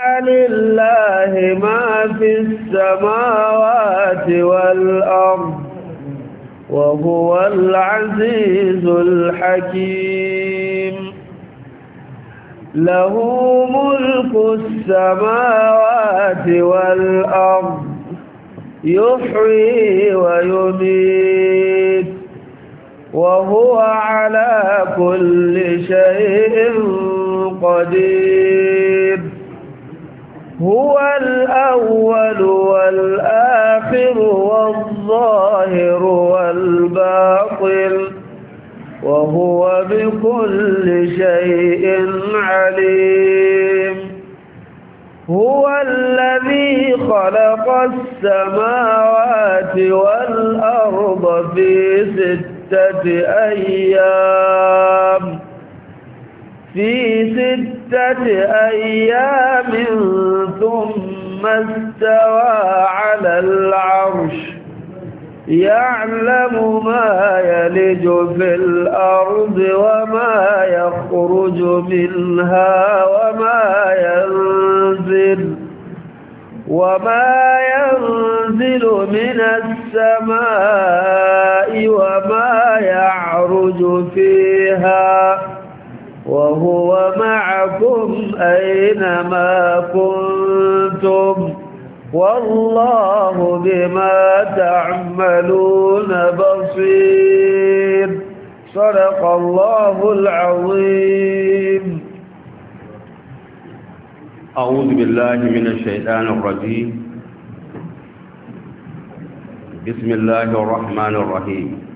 لله ما في السماوات والأرض وهو العزيز الحكيم له ملك السماوات والأرض يحيي ويميت وهو على كل شيء قدير هو الأول والآخر والظاهر والباطل وهو بكل شيء عليم هو الذي خلق السماوات والأرض في ستة أيام في ستة أيام ثم استوى على العرش يعلم ما يلج في الأرض وما يخرج منها وما ينزل وما ينزل من السماء وما يعرج فيها وهو معكم أينما كنتم والله بما تعملون بصير صدق الله العظيم أعوذ بالله من الشيطان الرجيم بسم الله الرحمن الرحيم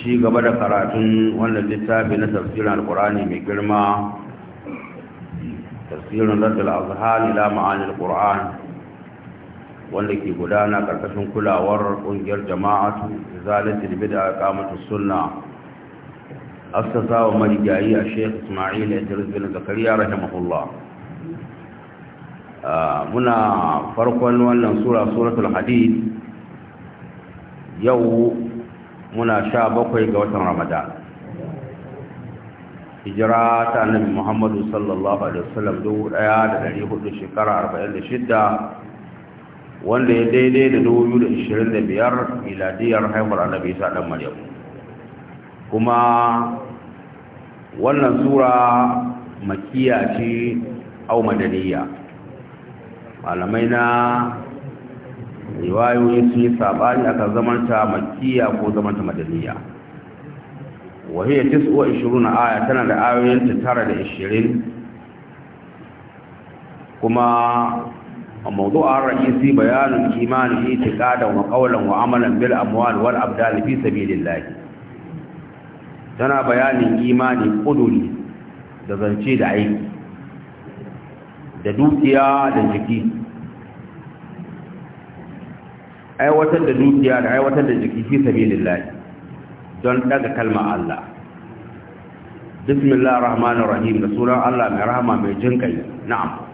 shi gaba da karatun wannan littafi na tafsirin alkurani mai girma tafsirin raddul azhar ila ma'anil qur'an wanda ke gudana karkashin kulawar kungiyar jama'atu zalatul bid'a qamatu sunna assasa wa marigayi a Sheikh Ismail Idris Zakariya rahimahullah ah, muna farkon wannan sura suratul hadid yau muna sha bakwai ga watan ramadan hijira ta annabi muhammadu sallallahu alaihi wasallam dubu daya da dari hudu shekara arba'in da shidda wanda ya daidai da dubu biyu da ishirin da biyar miladiyar haihuwar annabi isa dan maryam kuma wannan sura makiya ce au madaniya malamai na riwayoyi sun yi sabani akan zamanta makiya ko zamanta madaniya wahi ya tis uwa aya tana da ayoyin ta tara da ishirin kuma a mawudu a bayanin kimanin itikadan wa kawalan wa amalan bil amwal wal abdal fi sabilillah tana bayanin imani kuduri da zance da aiki da dukiya da jiki aiwatar da dukiya da aiwatar da jiki fi sabilillahi don daga kalma Allah bismillahir rahmanir rahim da sunan Allah mai rahama mai jin kai na'am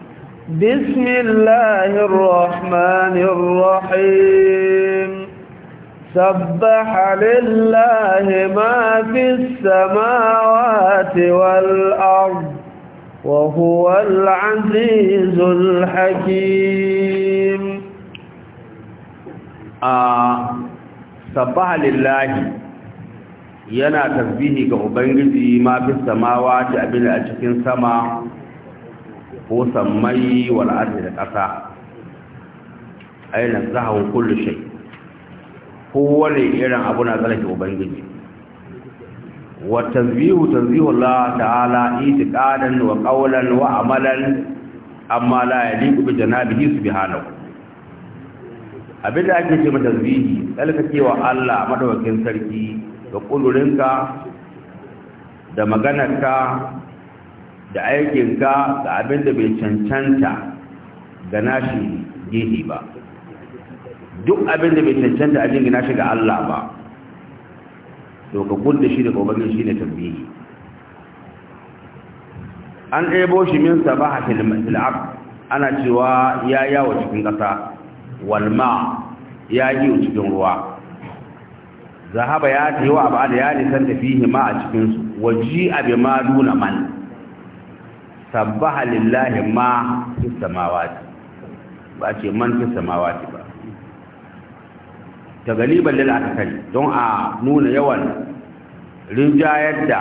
bismillahir rahmanir rahim سبح لله ما في السماوات والأرض وهو العزيز الحكيم a sabaha lillahi yana tasbihi ga ubangiji ma fi samawa ta abin a cikin sama ko sammai wal ardi da ƙasa ayyana zahawu kullu shay kowane irin abu na tsarki ubangiji wa tasbihu tasbihu Allah ta'ala itiqadan wa qawlan wa amalan amma abin da ake ce mata zihi tsarkakewa Allah madawakin sarki da ƙudurinka da maganarka da aikinka da abin da bai cancanta ga nashi gehe ba duk abin da bai cancanta ajin jingina shi ga Allah ba to ka kulle shi da kogagin shi ne tambihi an ɗaya shi min sabaha fil ana cewa ya yawo cikin ƙasa walma ya yi cikin ruwa zahaba ya tafi wa abu ya nisan tafihi ma a cikinsu waji abi ma duna man sabbaha lillahi ma fi samawati ba ce man fi samawati ba ta galiban lil akasari don a nuna yawan rinjayar da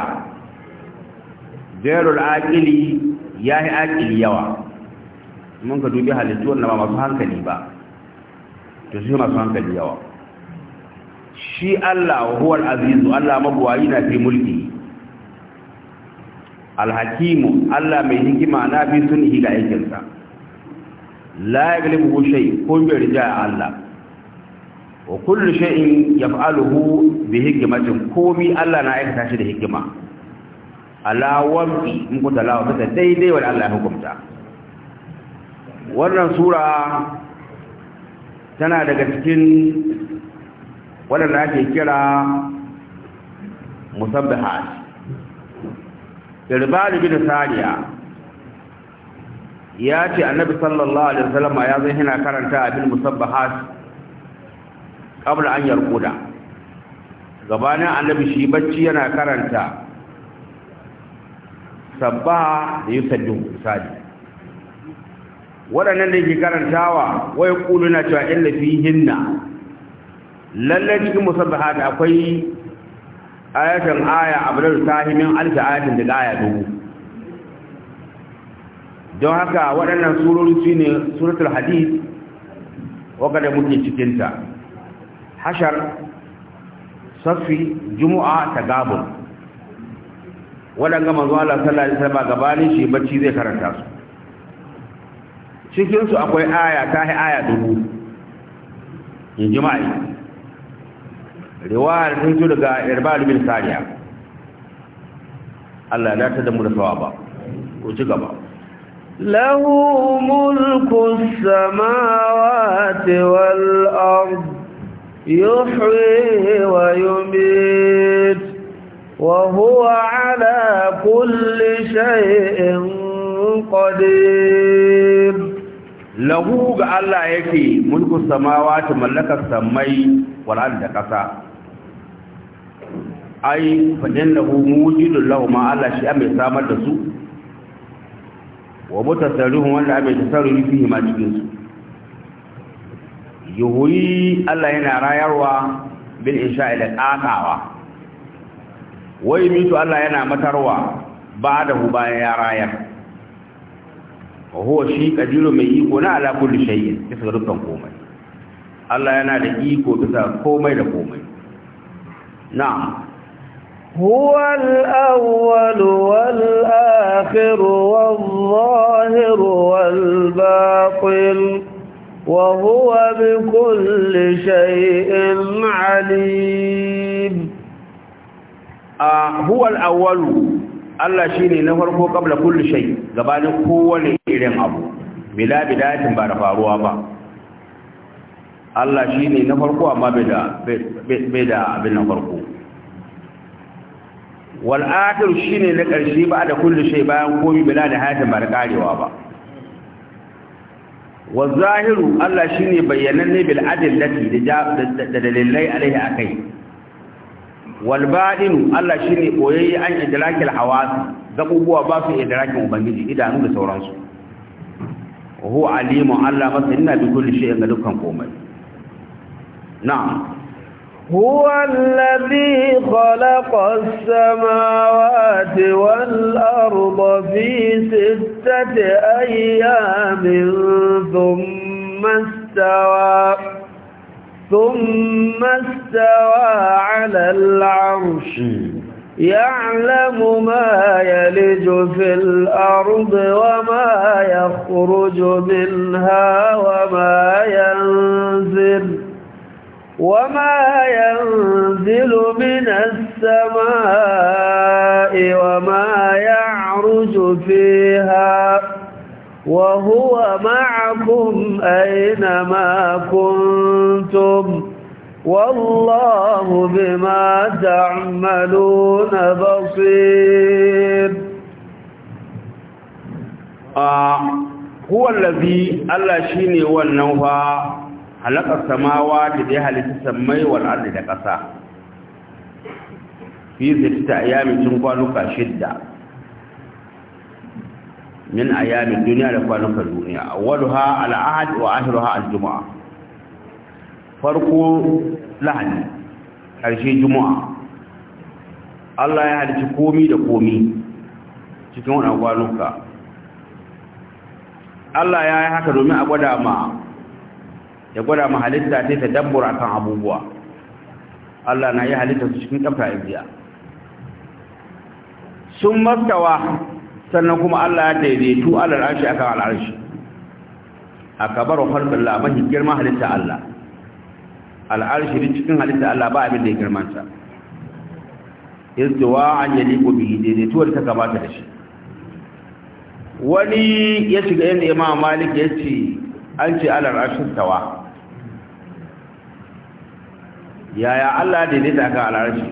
gairul akili, ya yi akili yawa mun ka dubi halittu wannan ba masu hankali ba to shi masu hankali yawa shi Allah huwal azizu Allah magwayi na fi mulki alhakimu Allah mai hikima na fi sun ga aikinsa la yaglibu shai kun bi rija Allah wa kullu shay'in yaf'aluhu bi hikmatin komi Allah na aikata shi da hikima ala wambi in ku talawa daidai wa Allah ya hukunta wannan sura tana daga cikin waɗanda ake kira musabbahat irbali bin sariya ya ce annabi sallallahu alaihi wasallam ya zai hina karanta abin musabbahat qabla an yarkuda gabanin annabi shi bacci yana karanta sabbaha da yusabbihu misali waɗannan da ke karantawa wai ƙulu na cewa inda fi hinna lallai cikin musabbaha da akwai ayatan aya abu da sahimin alfi ayatan daga aya dubu don haka waɗannan surori su ne suratul hadith da muke cikinta hashar safi juma'a ta gabon waɗanda manzo Allah sallallahu alaihi wasallam gabanin shi bacci zai karanta su cikin su akwai aya ta hi aya dubu in jima'i riwayar sun ci daga irbal bin sariya Allah ya ta damu da sawa ba ko ci gaba lahu mulku samawati wal ard yuhyi wa yumit wa huwa ala kulli shay'in qadir lahu ga Allah yake mulku samawati mallakar samai wal ardi da kasa ai fadin lahu mujidul lahu ma Allah shi mai samar da su wa mutasarrihu wanda mai tasarrufi fihi ma cikin su yuhuri Allah yana rayarwa bil insha'i da qatawa wai mutu Allah yana matarwa ba da hu ya rayar wa huwa shi qadiru mai iko na ala kulli shay'in bisa ga dukkan komai Allah yana da iko bisa komai da komai na'am هو الأول والآخر والظاهر والباطل وهو بكل شيء عليم آه هو الأول Allah shi ne na farko kabla kullu shay gabanin kowane irin abu bila bidayatin ba da faruwa ba Allah shi ne na farko amma bai da abin na farko Wal'adar shi ne na ƙarshe ba da kullu shai bayan komai bila da hayatin ba da ƙarewa ba wa zahiru Allah shi ne bayyananne bil adillati da dalilai alaihi akai والبادن الله شيني قويي ان ادراك الحواس ذا ابو ابا في ادراك ubangiji idanu da sauransu هو عليم الله بس بكل شيء ان دكان قومي نعم هو الذي خلق السماوات والارض في سته ايام ثم استوى ثم استوى على العرش يعلم ما يلج في الأرض وما يخرج منها وما ينزل وما ينزل من السماء وما يعرج فيها وهو معكم أينما كنتم والله بما تعملون بصير آه هو الذي ألا شيني والنوفا حلق السماوات بها لتسمي والأرض لكسا في ذلك أيام تنقلك شدة min ayyamin duniya da kwanukan duniya awwaluha al-ahad wa akhiruha al farko lahadi ƙarshe jumu'a Allah ya halici komi da komi cikin wani kwanuka Allah ya yi haka domin a gwada ma ya gwada ma halitta ta kan abubuwa Allah na yi halitta su cikin a ibiya sun mastawa sannan kuma Allah ya daidaitu alal arshi aka al arshi akabaru khalqillah mahi girman halitta Allah al arshi cikin halitta Allah ba abin da ya girman sa istiwa an yaliqu bihi daidaituwar ta kamata da shi wani ya shiga inda Imam Malik ya ce an ce alal arshi tawa yaya Allah daidaita akan al arshi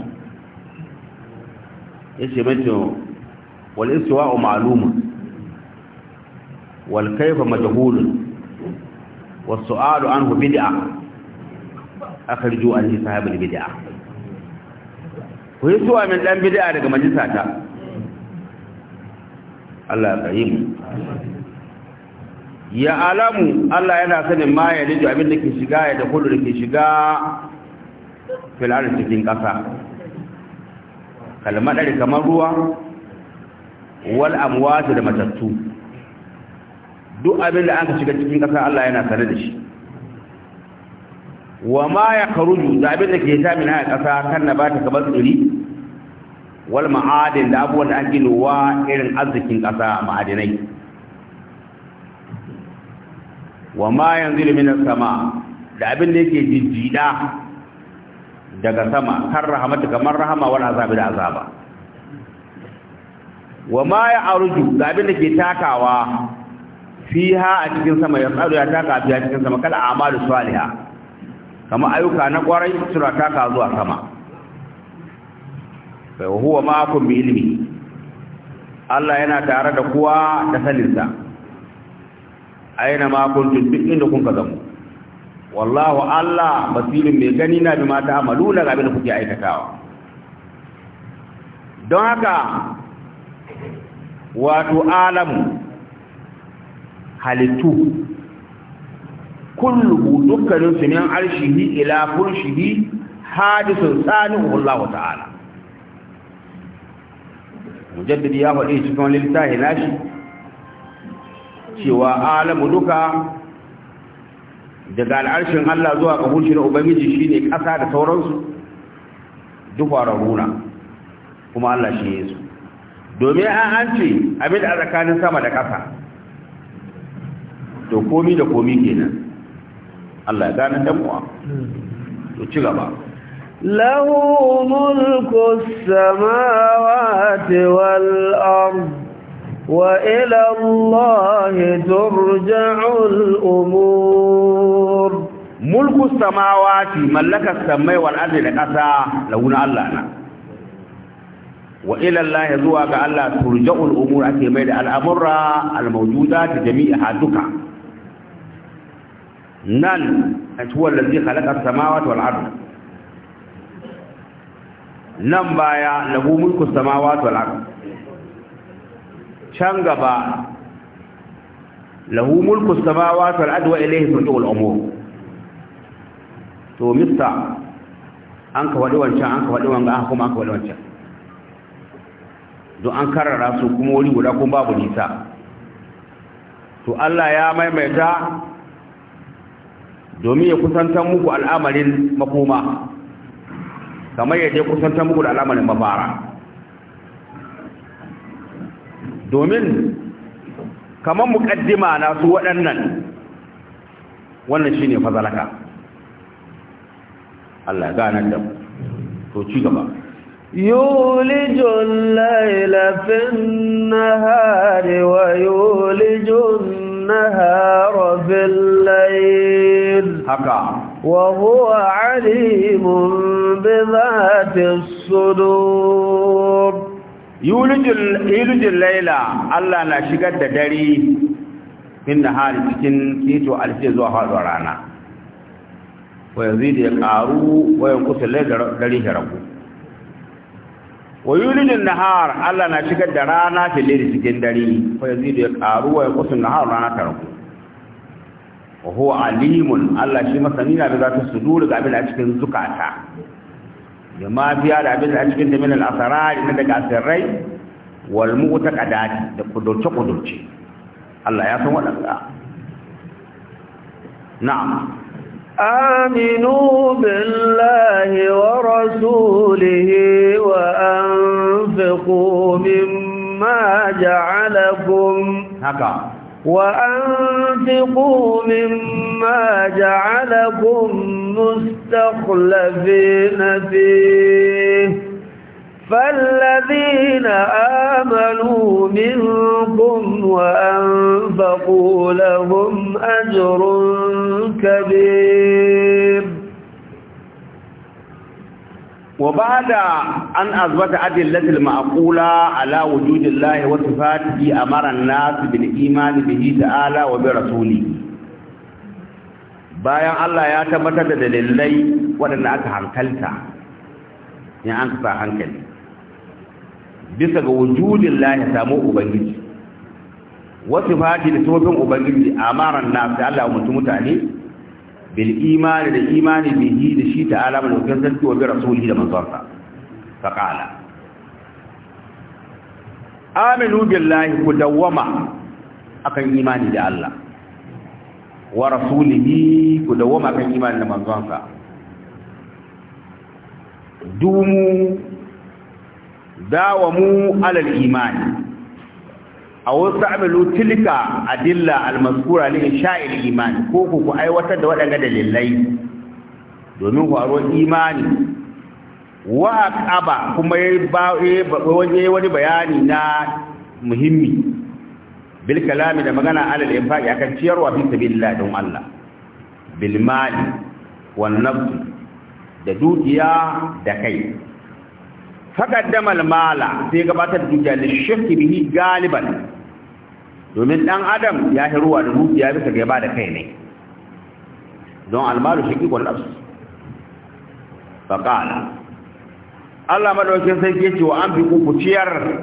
yace mace wal istiwa'u ma'lumun wal kayfa majhulun was su'alu anhu bid'a akhriju an sahab al bid'a ku yi suwa min dan bid'a daga majalisa Allah ya kayimu ya alamu Allah yana sanin ma ya lijo abin da ke shiga ya da kullu da ke shiga fil arzikin kasa kalmadari kamar ruwa wal amwat da matattu duk abin da aka shiga cikin ƙasa Allah yana tare da shi wa ma ya karuju da abin da ke ta min haya ƙasa kan na bata ka kamar wal ma'adin da abubuwan da an irin arzikin kasa ma'adinai wa ma yanzu min sama da abin da yake jijjida daga sama kan rahmatu kamar rahama wani azabi da azaba wa ma ya aruju da abin da ke takawa fiha a cikin sama ya tsaro ya taka a cikin sama kala amalu saliha kama ayyuka na kwarai suna taka zuwa sama fa huwa kun bi ilmi Allah yana tare da kowa da saninsa aina ma tun duk inda kun ka zamo wallahu Allah basirin mai gani na bi mata amaluna ga abin da kuke aikatawa don haka wato alamu halittu kullu dukkanin su min arshihi ila furshihi hadisun tsanihu Allah ta'ala mujaddidi ya faɗi cikin littafi nashi cewa alamu duka daga al'arshin Allah zuwa ga na ubangiji shine kasa da sauransu duk wararuna kuma Allah shi yesu domin an hanci abin da a tsakanin sama da ƙasa to komi da komi kenan Allah ya gane damuwa to ci gaba له ملك السماوات والأرض وإلى الله ترجع الأمور ملك السماوات ملك السماء والأرض لكسا Allah na. وإلى الله زوا قال ترجع الأمور أتي الأمر الموجودات جميعها دكا نان هو الذي خلق السماوات والأرض نم بايا له ملك السماوات والأرض شنغبا له ملك السماوات والأرض وإليه ترجع الأمور تو مستع أنك ولوان شا أنك ولوان أهكم أنك ولوان شا don an karara su kuma wuri guda kuma babu nisa to Allah ya maimaita domin ya kusantar muku al'amarin makoma kamar yadda ya kusantar muku da al'amarin mafara domin kamar muƙaddima na su waɗannan wannan shi ne fazalaka Allah gane da to ci gaba يولج الليل في النهار ويولج النهار في الليل حقا وهو عليم بذات الصدور يولج, يولج الليل الله لا شقد دري في النهار لكن كيتو alfi هذا faɗuwar rana wa yazidu ya ƙaru wa wa nahar Allah na shigar da rana filin cikin dare fa yazidu ya karu wa yaqusun nahar rana ta ruku wa huwa alimun Allah shi masani na da zata sudur ga abin a cikin zukata jama biya da abin a cikin da min al-asrar na daga asirrai wal mu'taqadat da kudurce kudurce Allah ya san wadanda na'am آمنوا بالله ورسوله وأنفقوا مما جعلكم وأنفقوا مما جعلكم مستخلفين فيه فالذين آمنوا منكم وأنفقوا لهم أجر كبير وبعد أن أثبت أدلة المعقولة على وجود الله وصفاته أمر الناس بالإيمان به تعالى وبرسوله bayan Allah ya tabbatar da dalilai waɗanda aka hankalta in an kasa hankali bisa ga wujudin lahi samu ubangiji wasu fati da sofin ubangiji a maran na da Allah mutu mutane bil imani da imani bihi da shi ta alama da kan sarki wa bi rasulihi da manzonsa fa qala aminu billahi ku dawwama akan imani da Allah wa rasulihi ku dawwama akan imani da manzonsa dumu dawamu alal imani aw sa'malu tilka adilla almazkura li insha'il imani ko ku ku aiwatar da waɗanda dalilai domin haro imani wa aqaba kuma yayi wani bayani na muhimmi bil kalami da magana alal infaqi akan ciyarwa fi sabilillah don Allah bil mali wan da dukiya da kai faƙaddama mala sai gabatar da dukiya da shirki bihi galiban domin ɗan adam ya ruwa da ya bisa ga ba da kai ne don almalu shirki kwan nafsu faƙala Allah madaukin sai ke cewa an fi kukuciyar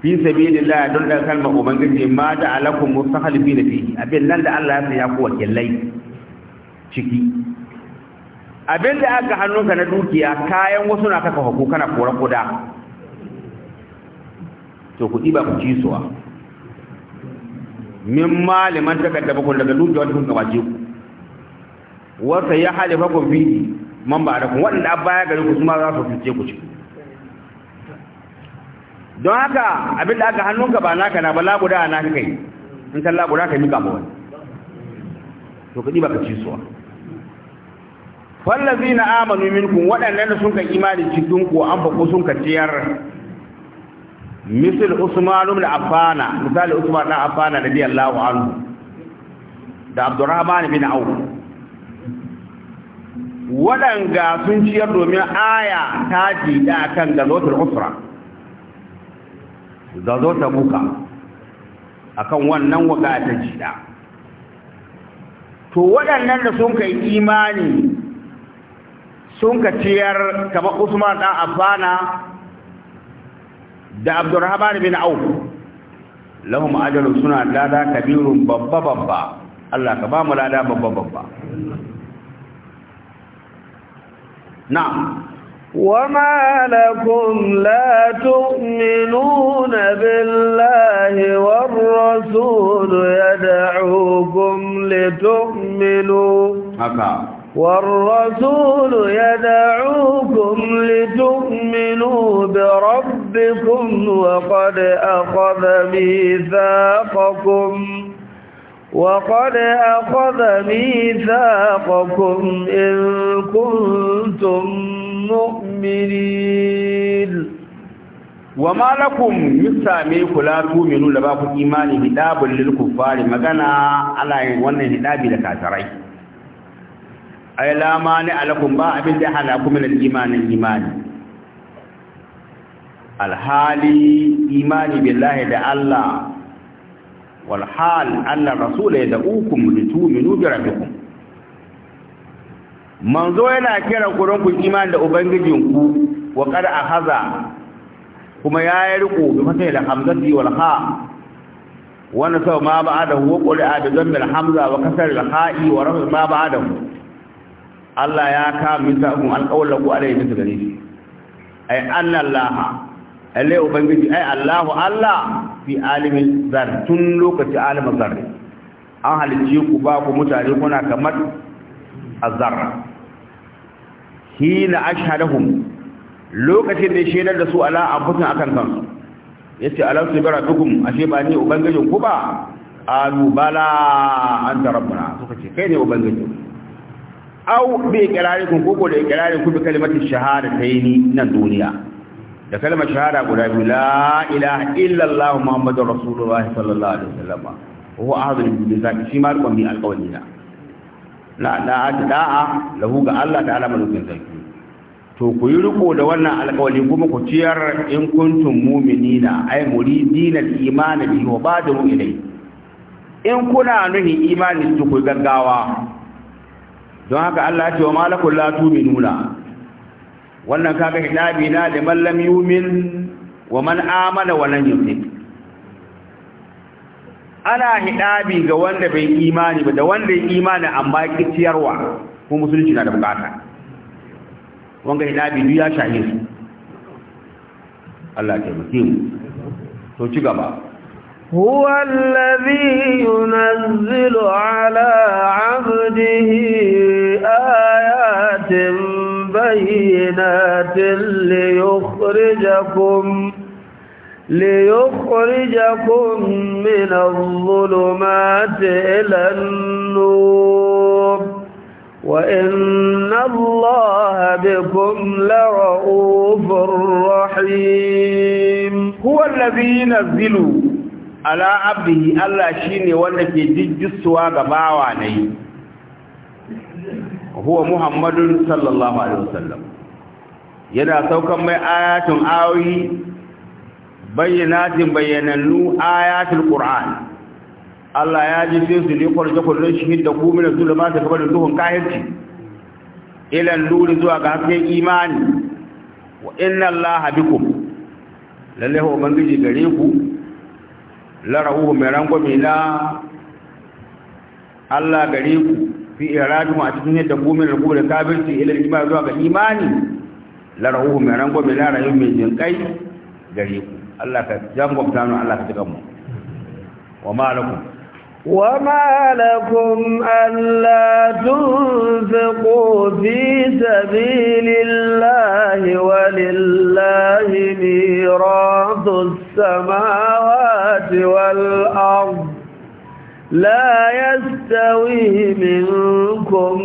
fi sabilillah don da kalmar ubangiji ma da alakum mustakhlifina fihi abin nan da Allah ya saya ku wakilai ciki abin da aka hannunka na dukiya kayan wasu na kaka hako kana koran kuda to ku ɗiba ku ci suwa min maliman takarda bakon daga dukiya wata kun gabace ku wata ya halifa ku bi man ba da kun waɗanda abba baya gari ku su ma za su fice ku ci don haka abin da aka hannunka ba naka na ba labuda na kai in kan labuda ka mika ba wani to ku ɗiba ku ci suwa wallazi na amanu minkum waɗannan sun ka imani cikin ku an ko sun ka ciyar misal usman ibn affana misali usman ibn affana radiyallahu anhu da abdurrahman bin auf waɗanga sun ciyar domin aya ta da kan gazotul usra gazota buka akan wannan waga ta da to waɗannan da sun kai imani sun ka ciyar kamar Usman ɗan Affana da Abdurrahman bin Auf lahum ajalun suna lada kabirun babba babba Allah ka ba mu lada babba babba na'am وما لكم لا تؤمنون بالله والرسول يدعوكم لتؤمنوا والرسول يدعوكم لتؤمنوا بربكم وقد أخذ ميثاقكم وقد أخذ ميثاقكم إن كنتم مؤمنين وما لكم يسامي كلا تؤمنوا لباكم إيماني هداب للكفار مغانا على وانا هداب لكاترين ai lamani alakum ba abin da hana ku min imanin imani alhali imani billahi da Allah wal hal anna rasul yad'ukum litu'minu bi rabbikum manzo yana kiran ku don ku imani da ubangijinku wa qad ahaza kuma yayi riko da fatil hamzati wal ha wani sau ma ba'adahu wa huwa ƙuri'a bi zammin hamza wa kasar da ha'i wa rafi ma ba'adahu Allah ya ka minta kun alƙawalla ku alai bisa gare shi ai annallaha allai ubangiji ai Allahu Allah fi alimin zar tun lokaci alimin zarri an halicci ku ba ku mutane kuna kamar azzarra hina ashhadahum lokacin da shedar da su ala anfusin akan kansu yace alam sibara A ashe ba ni ubangijin ku ba Al'ubala an anta rabbuna suka ce kai ne ubangijin au bi iqrarikum ko da iqrarin ku bi kalimatu shahada tayni nan duniya da kalmar shahada guda biyu la ilaha illa allah muhammadur rasulullah sallallahu alaihi wasallam huwa ahadul bizaki shi ma rukun bi alqawlina la la da'a lahu ga allah ta'ala malukin zaki to ku yi riko da wannan alƙawari kuma ku ciyar in kuntum mu'minina ay muridina al-iman bihi wa badiru ilayhi in kuna nuhi imani su ku gaggawa don haka Allah ya ce wa malakul la tu'minuna wannan kaga hidabi na da man lam yu'min wa man amana wa lam yu'min ana hidabi ga wanda bai imani ba da wanda ya imani amma kiciyarwa ko musulunci na da bukata wanga hidabi duk ya shahe su Allah ya taimake mu to ci gaba هو الذي ينزل على عبده بآيات بينات ليخرجكم ليخرجكم من الظلمات إلى النور وإن الله بكم لرؤوف رحيم هو الذي ينزل على عبده الله شيني وانك جد السواق باوانيه huwa muhammadun sallallahu alaihi wasallam yana saukan mai ayatun ayoyi bayyanatin bayyanannu ayatul qur'an Allah ya ji sai su ne kwarje kullun shi da kuma da zulma ta gaban duhun kahirci ila nuri zuwa ga hasken imani wa inna Allah bikum lalle ho bangiji gare ku la rahu mai rangwami na Allah gare ku fi iradu ma cikin yadda gumin rubu da kafirci ila iman zuwa ga imani la rahu mai rango mai lara yau mai jin kai gare ku Allah ka jangwabta mu Allah ka tuka mu wa ma lakum وما لكم ألا تنفقوا في سبيل الله ولله ميراث السماوات والأرض لا يستوي منكم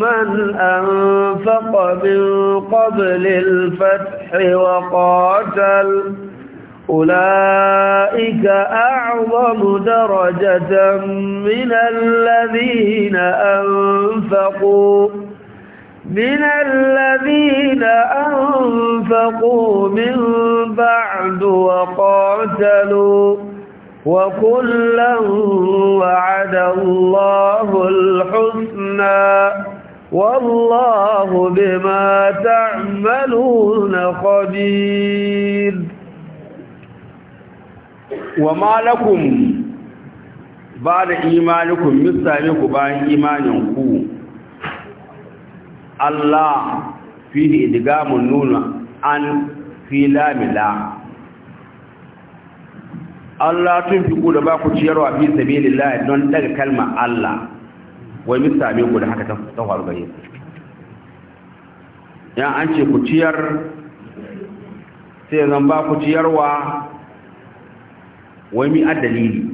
من أنفق من قبل الفتح وقاتل أولئك أعظم درجة من الذين أنفقوا من الذين أنفقوا من بعد وقاتلوا وكلا وعد الله الحسنى والله بما تعملون خبير وما لكم بعد إيمانكم مثالكم بعد إيمانكم الله فيه إدغام النون عن في لام لا Allah tun fi ku da ba ku ciyarwa fi sabilillah don daga kalma Allah wai mun same ku da haka ta faru gare ku ya an ce ku ciyar sai zan ba ku ciyarwa wai mi addalili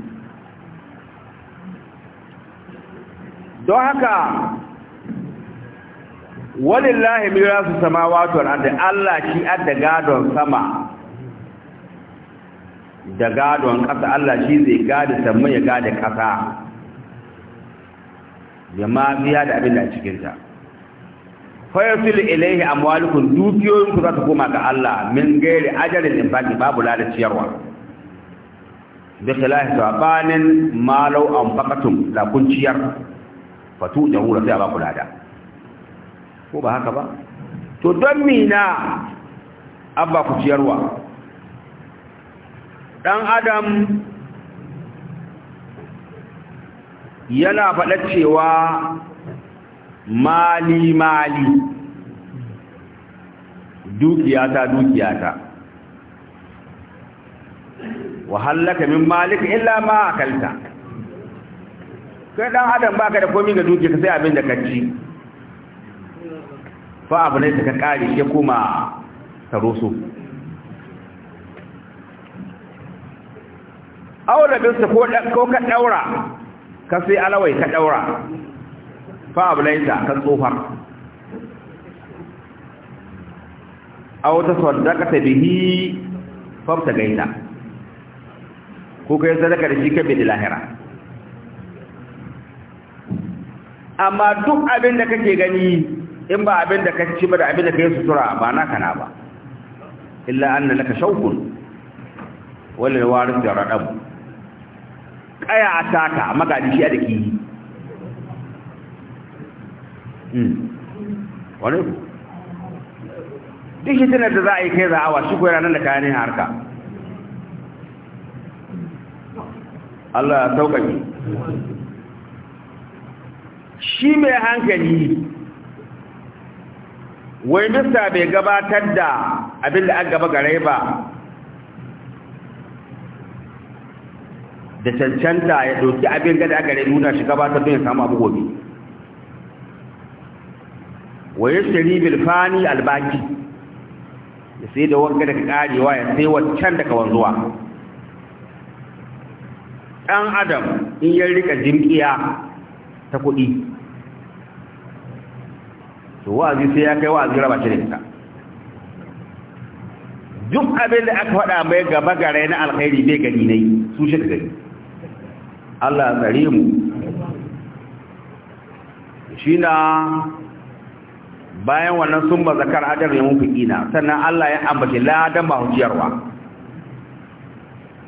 don haka walillahi mirasu samawati wal ardi Allah shi adda gadon sama da gadon ƙasa Allah shi zai gada samu ya gada ƙasa ya ma biya da abin da cikinta fayasul ilaihi amwalukum dukiyoyinku za su koma ga Allah min gairi ajalin infaqi babu lalaciyarwa bi khilafi sabanin malau an anfaqatum la kun ciyar fatu da hura sai ba kula ko ba haka ba to don mina abba ku ciyarwa ɗan adam yana faɗa cewa mali mali dukiyata dukiyata wahallaka min malika illa ma akalta kai dan adam baka da komai ga dukiyarka sai abin da kaci fa abu ne ka kare ya koma taroso su ko ka ɗaura ka sai alawai ka ɗaura fa abu laisa kan tsofar a wata sadaka ta bihi ta gaida ko kai sadaka da shi ka bi lahira amma duk abin da kake gani in ba abin da ka ci ba da abin da ka yi sutura ba na kana ba illa anna laka shawkun wal waris ya kaya a taka magadi shi a da kihi hmm. wani ku duk hitinar da za a yi kai za'awa shi kuwa ranar da kayanin harka Allah ya sauƙaƙi shi mai hankali wai mista bai gabatar da abin da an gaba gare ba da cancanta ya ɗauki abin gada aka rai nuna shi gabatar don ya samu abu gobe waye shari bilfani albaki ya sai da wanga daga karewa ya sai waccan daga wanzuwa ɗan adam in ya rika jimkiya ta kuɗi to wa'azi sai ya kai wa raba shi da ita duk abin da aka faɗa mai gaba gare na alkhairi bai gani ne su shi gani Allah ya tsare mu shi na bayan wannan sun ba zakar adar ya mufiki na sannan Allah ya ambaci ladan ba hujjarwa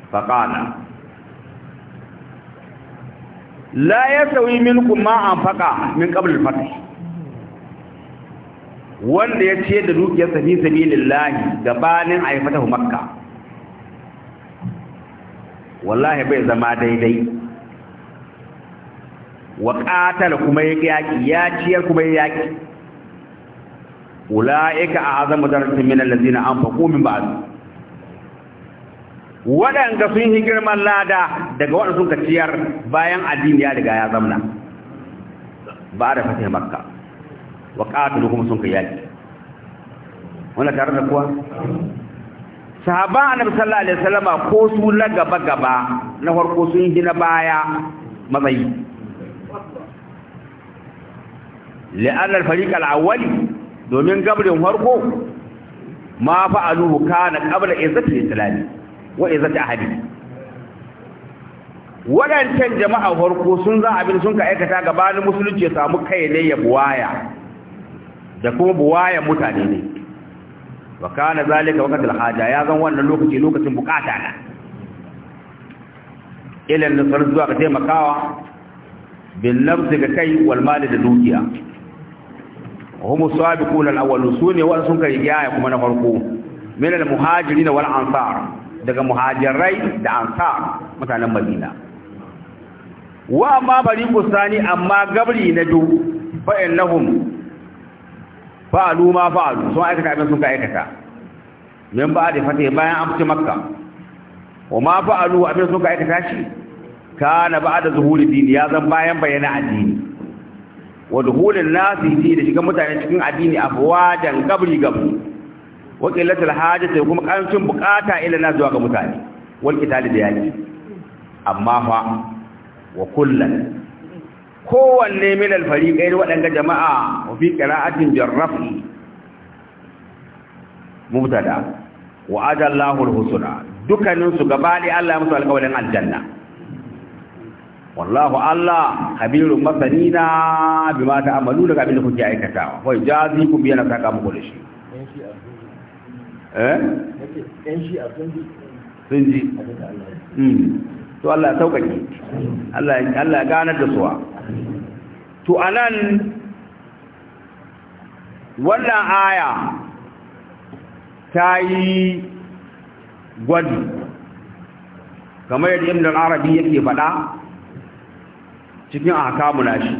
faƙana la ya sauyi min kuma an faƙa min ƙablin fatih wanda ya ce da dukiyar safi sabi lillahi gabanin a yi fatahu makka wallahi bai zama daidai wa qatala kuma ya yaki ya ciyar kuma ya yaki ulaika a'zamu darajatin min allazina anfaqu min ba'd waɗanda sun yi girman lada daga waɗanda sun ka ciyar bayan addini ya riga ya zamna ba da fatih makka wa qatalu kuma sun ka yaƙi. wannan tare da kuwa sahaba annabi sallallahu alaihi wasallama ko su na gaba gaba na farko sun yi na baya matsayi li'annar fariƙar awali domin gabrin farko ma fa'aluhu kana qabla izzati islami wa izzati ahadi Waɗancan jama'a farko sun za abin sun ka aikata gabanin musulunci samu kai ne ya buwaya da kuma buwaya mutane ne wa kana zalika waqtul haja ya zan wannan lokaci lokacin bukata na ilan nasar zuwa ka taimakawa bin nafsi ga kai wal mali da dukiya hum sabiquna al-awwalun sune wa sun kai ya kuma na farko min al-muhajirin wal ansar daga muhajirai da ansar mutanen madina wa amma bariqu sani amma gabri na du fa innahum fa'alu ma fa'alu sun aikata abin sun ka aikata min ba da fate bayan an fice makka wa ma abin sun aikata shi kana ba da zuhuri dini ya zama bayan bayyana addini wa nasi fi da shiga mutane cikin addini wajen gabri gabri wa qillatul hajati kuma karancin bukata ila na zuwa ga mutane wal qitali da yaki amma fa wa kullan kowanne min al fariqain jama'a wa fi qira'atin jarrafi mubtada wa adallahu al husna dukkanin su gaba Allah ya musu alƙawarin aljanna wallahu Allah kabirun masanina bima ta'malu daga abin da kuke aikatawa wai jazi ku biya na saka muku da shi eh yan shi sun ji sun hmm. to Allah ya sauƙaƙe Allah Allah ya ganar da suwa to anan wannan aya ta yi gwadi kamar yadda Ibn Arabi yake faɗa cikin ahkamu nashi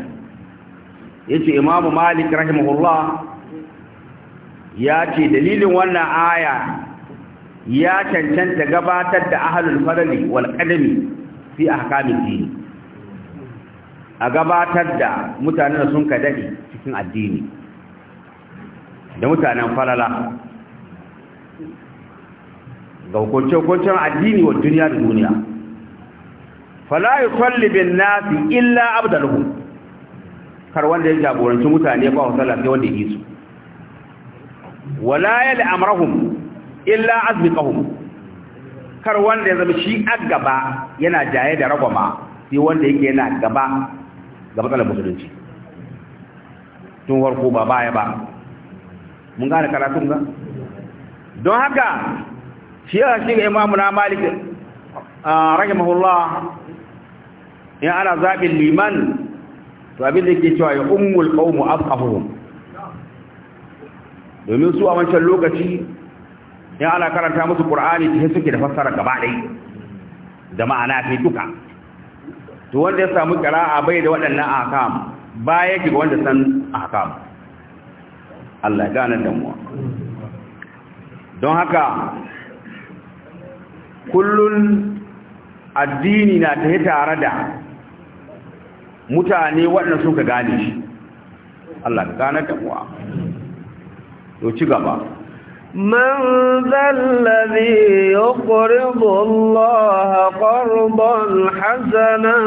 yace imamu malik rahimahullah ya ce dalilin wannan aya ya cancanta gabatar da ahlul Falali wal qadami fi ahkamin dini a gabatar da mutanen sun ka kadade cikin addini da mutanen falala ga hukunce addini wa duniya da duniya fala kwalli bin nasi illa abdalhu, kar wanda ya jagoranci mutane ba sallah sai wanda ya yi su wala yal amrahum illa azbiqahum kar wanda ya zama shi agaba gaba yana jaye da ragwama sai wanda yake yana gaba ga matsalar musulunci tun warko ba baya ba mun gane karatun ga don haka shi ya shi ga imamu na malik Ah, rahimahullah in ana zaɓin liman to abin da ke cewa ya ummul qawmu afqahuhum domin su a wancan lokaci in ana karanta musu qur'ani sai suke da fassara gaba da ma'ana fi duka to wanda ya samu qira'a bai da waɗannan ahkam baya ga wanda san ahkam Allah ya gane da mu don haka kullun addini na ta tare da mutane waɗanda suka gane shi Allah gane ta muwa to ci gaba man zallazi yuqridu Allah qardan hasanan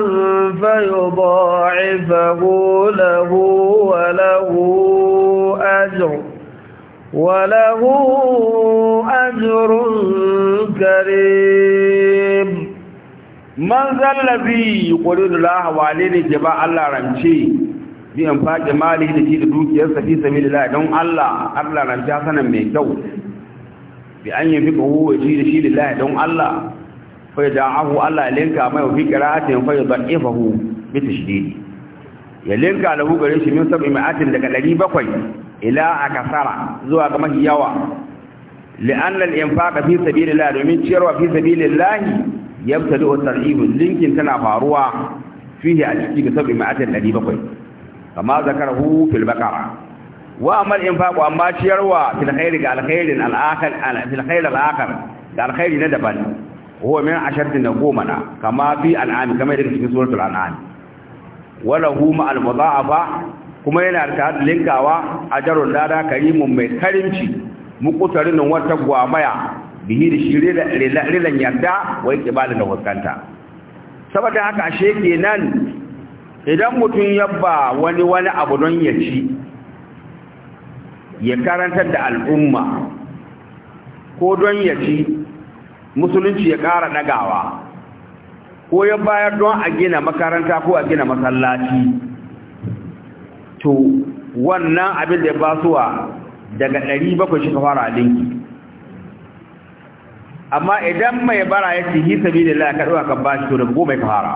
fayudha'ifahu lahu wa lahu ajrun وله أجر كريم من ذا الذي يقول الله وعليه جباء الله رمشي bi an faɗi mali da shi da dukiyarsa fi sabilillah don Allah Allah ranta sanan mai kyau bi an yi fika huwa shi da shi lillahi don Allah fa da'ahu Allah linka mai fi qira'atin fa bi tashdidi ya linka lahu gare shi min sab'i ma'atin daga 700 ila akasara zuwa ga mafi yawa li'anna al-infaq fi sabilillah domin ciyarwa fi sabilillah yabtadu at-tarhib linkin tana faruwa fihi a ciki da sab'i ma'atin 700 kama zakarahu fil baqara wa amma al-infaq amma ciyarwa fil khairi ga al-khairin al-akhir fil khair al-akhir da al-khairi na daban huwa min ashartin da goma na kama fi al-ami kama yadda cikin suratul an'am wala huma al al-mudha'afa kuma yana da linkawa ajarun dada karimun mai karimci muqtarinun wata gwamaya bihi da shi rilan yarda wa iqbal da huskanta saboda haka ashe kenan idan mutum yabba wani wani abu don ya ci ya karantar da al'umma ko don ya ci musulunci ya ƙara ɗagawa ko ya bayar don a gina makaranta ko a gina masallaci to wannan abin da ya basuwa daga 700 shi ka fara a dinki amma idan mai bara ya ci hisa bi lillahi ka dauka kan bashi to daga goma ka fara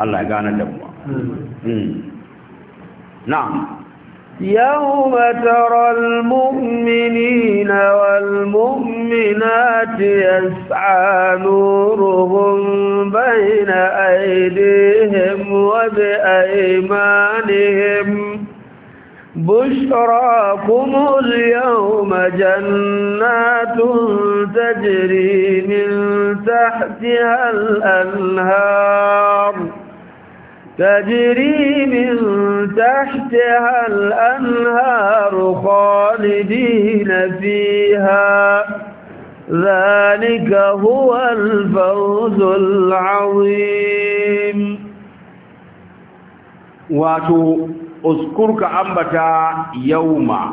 Allah ya gane da mu hmm. Hmm. na'am يوم ترى المؤمنين والمؤمنات يسعى نورهم بين أيديهم وبأيمانهم بشراكم اليوم جنات تجري من تحتها الأنهار تجري من تحتها الأنهار خالدين فيها ذلك هو الفوز العظيم واتو اذكرك أنبتا يوما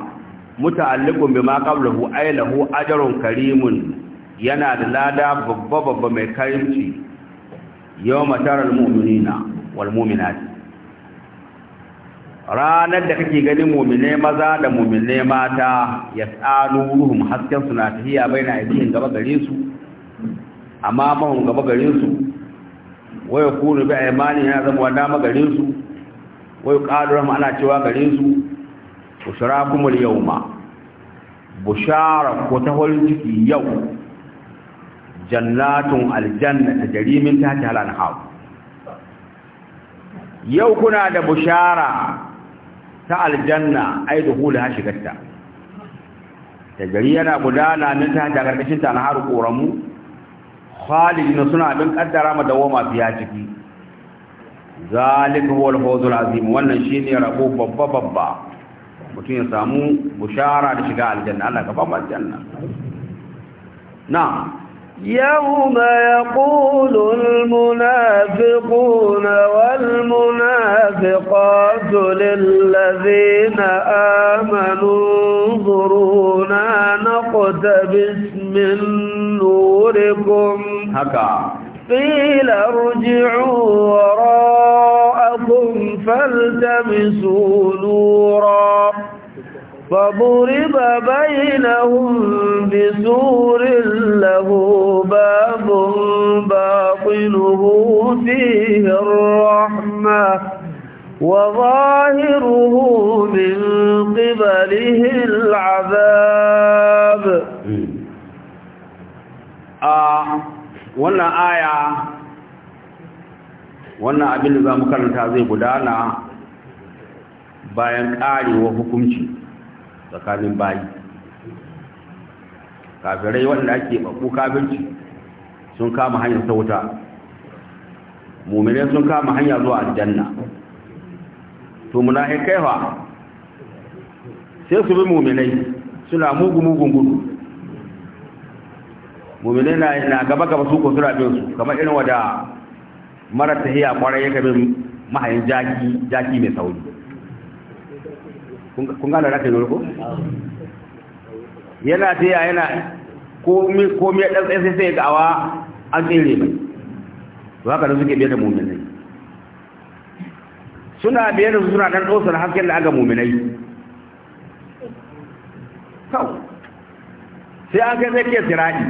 متعلق بما قبله أي له أجر كريم ينال لادا بببب مكرمتي يوم ترى المؤمنين wal mu'minati ranar da kake ganin mu'mine maza da mu'mine mata yas'alu ruhum hasken suna bai baina aidihim gaba gare su amma mahun gaba gare su waya kunu bi aimani ya zama dama gare su waya qalu rahma ana cewa gare su busharakumul yawma bushara ko ta horin ciki yau jannatun aljanna ta jarimin ta ta halan hawa yau kuna da bushara ta aljanna ai duhula ha shigarta ta gari yana gudana min ta hanta karkashin ta na har koramu khalidina suna bin kaddara ma dawoma fiya ciki zalika wal fawzul azim wannan shine rabo babba babba mutum ya samu bushara da shiga aljanna Allah ka ba mu aljanna na'am يوم يقول المنافقون والمنافقات للذين آمنوا انظرونا نقتبس من نوركم هكا قيل ارجعوا وراءكم فالتمسوا نورا فضرب بينهم بسور له باب باطنه فيه الرحمة وظاهره من قبله العذاب wannan aya wannan abin da za mu karanta zai gudana bayan ƙarewa hukunci tsakanin bayi kafirai wanda ake babu kafirci sun kama hanyar sauta muminai sun kama hanya zuwa aljanna to munafikai fa sai su bi muminai suna mugu mugun gudu muminai na gaba gaba su ko suna bin su kamar irin wada mara tahiya kwarai yake bin mahayin jaki jaki mai sauri kun gane rafin warko yana ta yaya yana komi ɗan tsaye sai sai ga awa an tsere mai ba ka da suke biyar da muminai suna biyar da suna ɗan ɗosar hasken da aga muminai kawo sai an kai tsakiyar siraɗi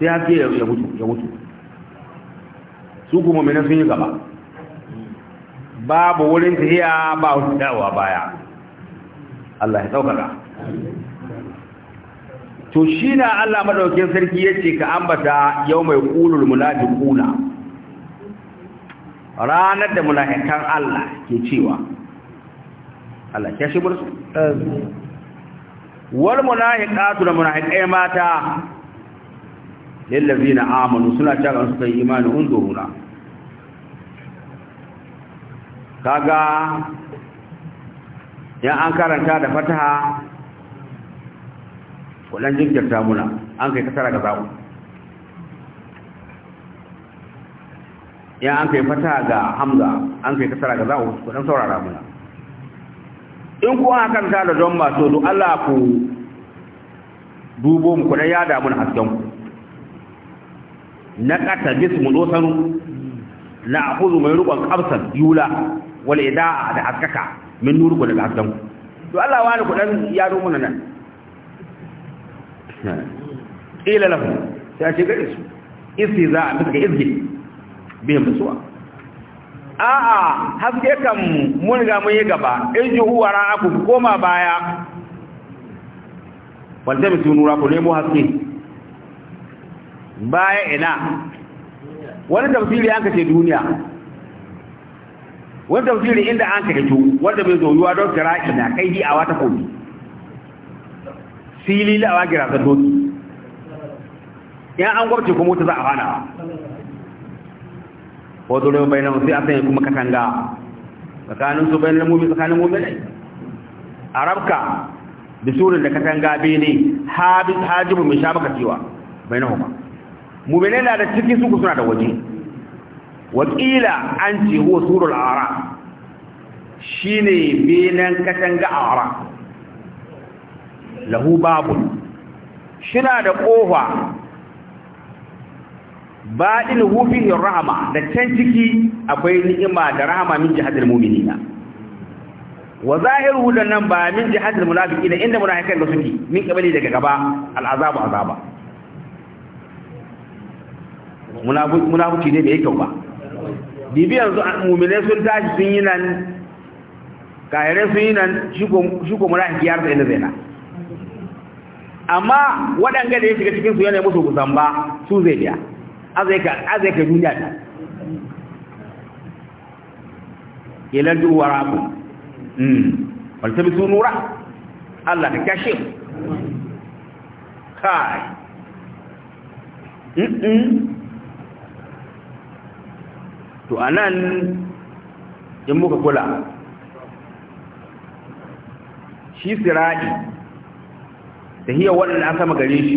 sai haske ya mutu su kuma muminai sun yi gaba babu wurin tafiya ba wurin dawowa baya Allah ya saukaka to shi na Allah madaukakin sarki ya ce ka ambata yau mai qulul munafiquna ranar da munafikan Allah ke cewa Allah ya shi bursu wal munafiqatu munafiqai mata lil ladina amanu suna cewa su kai imani unzuruna kaga yan an karanta da fataha kudan jinkirta muna an kai kasara ga zaɓu. ya an kai fataha ga hamza an kai kasara ga zaku kudan saurara muna in ku an karanta da don masu to Allah ku dubo mu kudan ya damu na hasken ku na kata bismu dosanu na akhudhu mai rubon qabsan yula wala idaa da askaka min nuru ku daga hasken ku to Allah wani kudan ya zo muna nan ila lahu sai ce gare su istiza bisa izhi bihi biyan a a'a haske kan mun ga mun yi gaba in juhu wara aku koma baya wanda mai tunura ku nemo haske baya ina wani tafsiri an ce duniya wanda tafsiri inda an kaito wanda bai zoyuwa don kira'i na kai bi a wata kofi sili la awa gira ta doki yan an gwamce kuma wuta za a hana ko dole bai na sai a sanya kuma katanga tsakanin su na lamomi tsakanin ne arabka da surin da katanga bene hajibu mai sha maka cewa bai na hukuma Mu na da cikin suku suna da waje wakila an ce huwa surul ara shine benen katanga ara lahu babun shina da kofa baɗin hufihin rahama da can ciki akwai ni'ima da rahama min jihadar muminina wa zahiru da nan ba min jihadar munafiqina inda munafiqan da suke min kabali daga gaba al'azabu azaba munafiki ne bai kyau ba bibi yanzu mumine sun tashi sun yi nan kayare sun yi nan shi ko mura hikiyar da inda zai na amma waɗanga da ya shiga cikinsu yana musu kusan ba su zai biya zai ka duniya ta ilar duwar abu waltabi hmm. sun nura allah ta kyashe kai to a nan in muka kula shi sira'i ta hiyo waɗanda an sama gare shi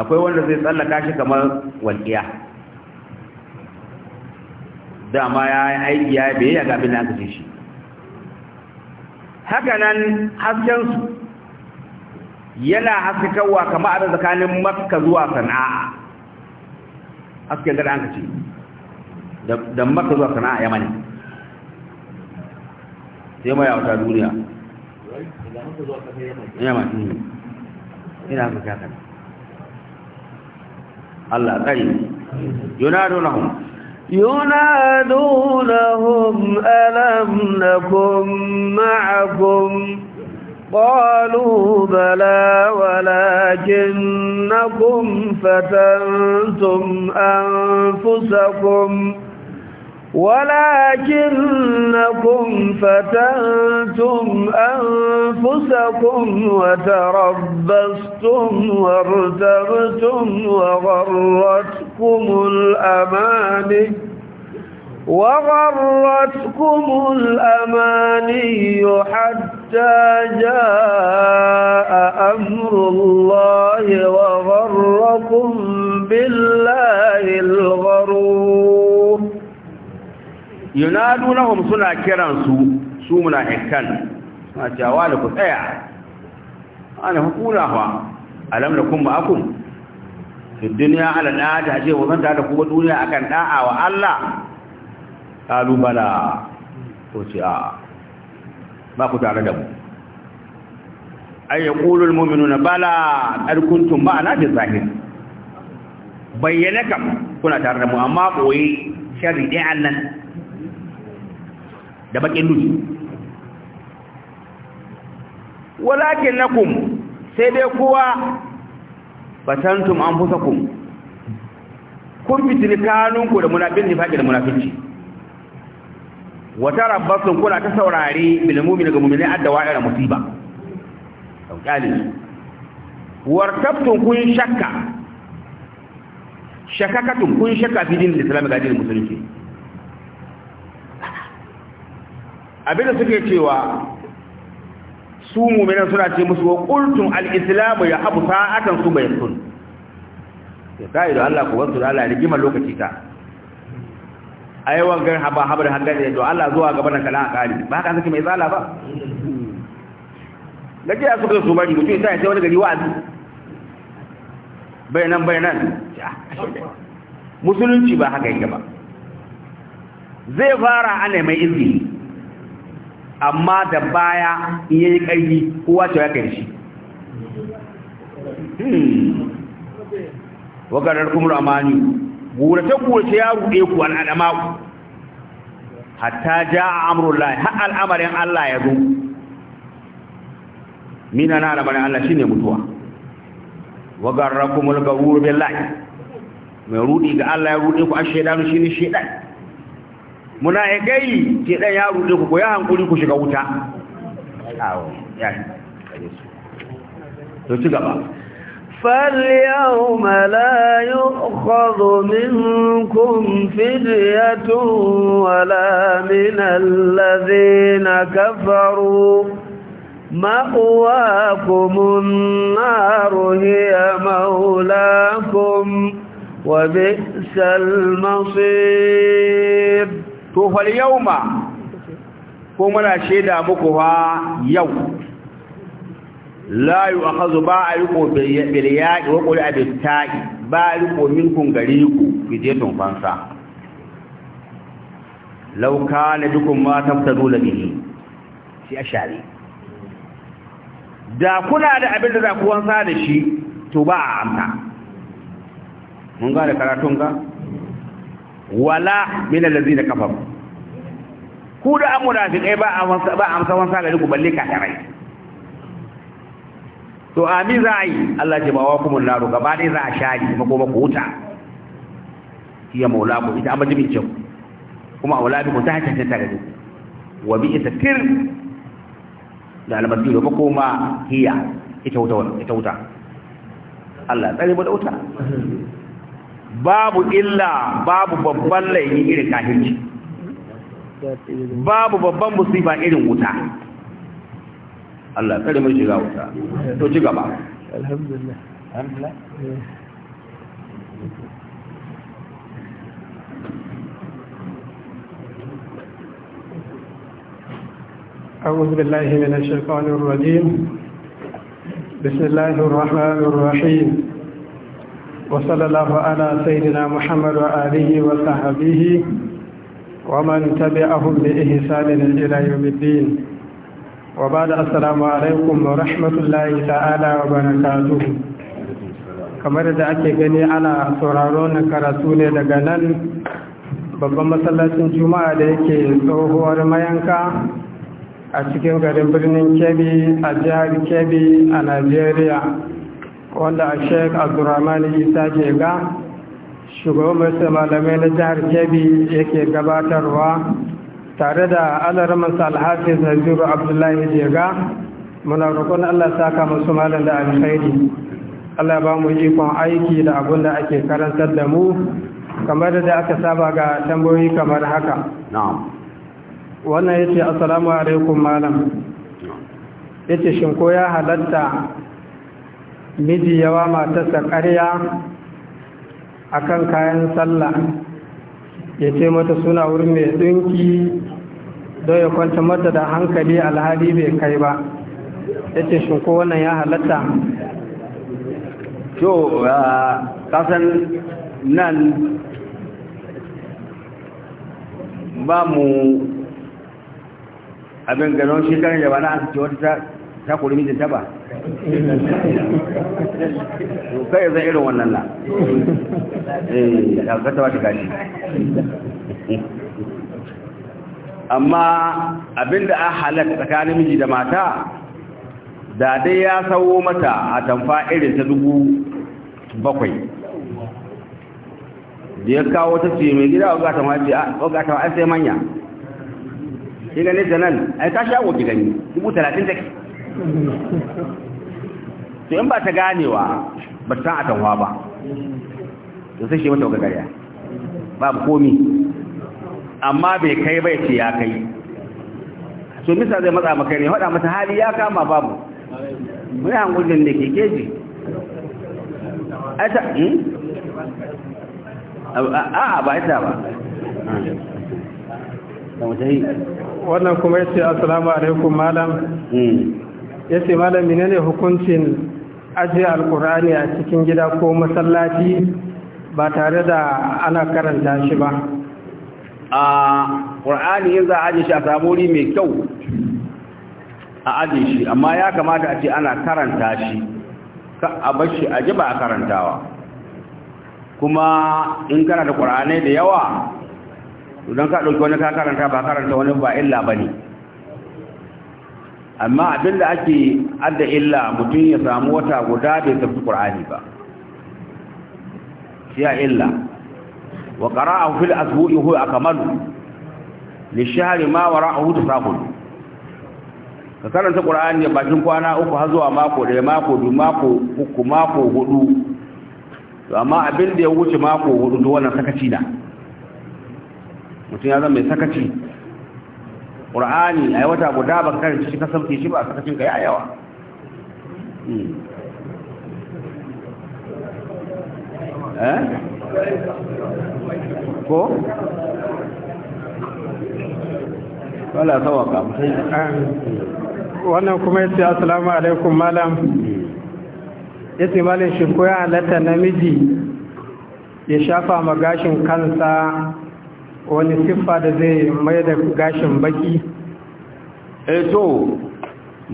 akwai wanda zai tsallaka shi kamar walƙiya dama ya yi aiki ya bai yaga abin da aka ce shi haka nan haskensu yana haskakarwa kama da tsakanin makka zuwa sana'a Haske gada an ka ce da maka zuwa sana'a yamani sai mai yawata duniya yamani hmm. ina haka ta kan Allah kai قالوا بلى ولكنكم فتنتم أنفسكم ولكنكم فتنتم أنفسكم وتربصتم وارتبتم وغرتكم الأماني وغرتكم الأماني حتى جاء أمر الله وغركم بالله lahum suna kiran su su munafikan ma cewa da ku tsaya ana hukuna fa alam lakum ma'akum fi dunya ala da'a ce wannan da kuma duniya akan da'a wa Allah kalu bala to ce a ba ku tare da mu ay yaqulu mu'minuna bala qad kuntum ma'ana bi zahir bayyana kam kuna tare da mu amma koyi sharri Allah da bakin duki walakin nakum sai dai kuwa batantum anfusakum kun fitini kanunku da munafin nifaqi da munafici wata rabbasun kuna ta saurare bil mu'min ga mu'mini adda wa'ira musiba sauƙalin wartabtun kun shakka shakakatun kun shakka fi da islam ga dinin musulunci Abin da suke cewa su mu'minan suna ce musu wa qultum al-islamu ya habu sa'atan su bai sun ya kai da Allah ku wasu da Allah rigima lokaci ta yi wangar haba haba da hankali da Allah zuwa gaban kalan akali ba haka suke mai zala ba da ke suka su bari mutum sai ya wani gari wa'azi bayanan bayanan musulunci ba haka yake ba zai fara ana mai izini amma da baya in yayi ƙarfi kowa ta ya kai shi hmm. wakarar kumar amani gurace-gurace ya ruɗe ku al'adama ku hatta ja a amurullah har al'amarin Allah ya zo mina na al'amarin Allah shine mutuwa wakarar kumar ga la'i. mai ruɗi ga Allah ya ruɗe ku a shaidanu shi ne shaidan muna egei gai ya ku ya hankuli ku shiga wuta to ci gaba فاليوم لا يؤخذ منكم فدية ولا من الذين كفروا مأواكم النار هي مولاكم وبئس المصير to fal yauma ko muna sheda muku fa yau la yu'khadhu ba'alikum bil ya'i wa qul abit ta'i ba'alikum minkum gariku ton fansa law kana bikum ma tamtadu bihi shi ashari da kuna da abin da za ku wansa da shi to ba a amsa mun ga da karatun ga wala min allazina kafaru ku da an munafiqai ba a ba amsa wansa gari ku balle ka tarai to amin za a yi Allah ce ba wa kuma laro gaba dai za a shari kuma kuma ku huta ya maula ku ita amma jimin cewa. kuma a bi ku ta hace ta gari wa bi ita tir da almasiru ba kuma hiya ita wuta ita wuta Allah tsare ba da wuta babu illa babu babban laifi irin kafirci babu babban musiba irin wuta Allah kare mai shiga wuta to ji gaba alhamdulillah alhamdulillah أعوذ بالله من الشيطان الرجيم بسم الله الرحمن الرحيم وصلى الله على سيدنا محمد وآله وصحبه ومن تبعهم بإحسان إلى يوم الدين وبعد السلام عليكم ورحمة الله تعالى وبركاته كما da ake gani ana sauraro na karatu babban masallacin juma'a da yake tsohuwar mayanka a cikin garin birnin kebbi a jihar kebbi a najeriya wanda a sheik abdurrahman isa ke ga shugaban masu malamai na jihar kebbi yake gabatarwa tare da alaramansa alhafiz naziru abdullahi ga muna rukun allah saka masu malam da alkhairi allah ba mu ikon aiki da abin da ake karantar da mu kamar da aka saba ga tambayoyi kamar haka wannan ya ce assalamu alaikum malam ya ce shinko ya halatta miji yawa matarsa ƙarya a kan kayan sallah ya ce mata suna wurin mai ɗinki don ya kwanta mata da hankali alhali bai kai ba ya ce shinko wannan ya halatta to kasan nan ba mu abin ganon shi kan na an ta kuri da taba ba kai zai irin wannan na eh ka taba gashi amma abinda a halatta tsakanin miji da mata da dai ya sawo mata a tamfa irin ta dubu bakwai da ya kawo ta ce mai gida a ta mafi ah, ga sai manya shi ne ta nan yi ta shago gidan dubu talatin take to in ba ta ganewa ba ta san tanwa ba to sai shi mata ga gariya babu komi amma bai kai bai ce ya kai to misa zai matsa maka ne hada mata hali ya kama babu mai hankulin da ke keji aita hmm? a ba ita ba wannan kuma ya ce assalamu alaikum malam hmm. ya ce malam ne hukuncin ajiye alkur'ani a cikin gida ko masallaci ba tare da ana karanta shi ba a ƙur'ani yin za a ajiye shi a samuri mai kyau a ajiye shi amma ya kamata a ce ana karanta shi a bashi a ji ba a karantawa kuma in kana da ƙur'anai da yawa don ka ɗauki wani ka karanta ba karanta wani ba illa ba ne amma abinda ake adda illa mutum ya samu wata guda bai tafi qur'ani ba shi ya illa wa qara'ahu fil asbu'i huwa akmalu li shahri ma wara'ahu tasahul ka karanta qur'ani bakin kwana uku har zuwa mako da mako du mako uku mako hudu to amma abinda ya wuce mako hudu to wannan sakaci na mutum ya zama mai sakaci ƙur'ani a wata guda ba kan shi ka sauke shi ba a sakacin ka yi yawa hmm. eh? ko? wala sawaka wannan kuma yace assalamu alaikum malam yace malam shi koya ya halatta namiji ya shafa magashin kansa wani siffa da zai mai da gashin baki Eto, eh to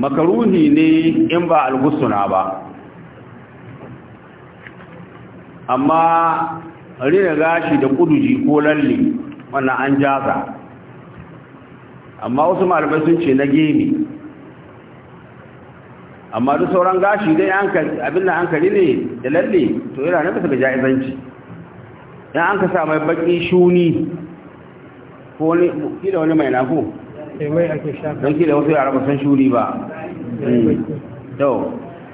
makaruhi ne in ba algusuna ba amma rina gashi da kuduji ko lalle wannan an jaza amma wasu malamai sun ce na gemi amma duk sauran gashi dai abin an hankali ne da lalle to yana na bisa ga ja'izanci dan an ka sa mai baki shuni ko wani kila wani mai nafu eh, don kila wasu yara ba san shuri ba eh, hmm. to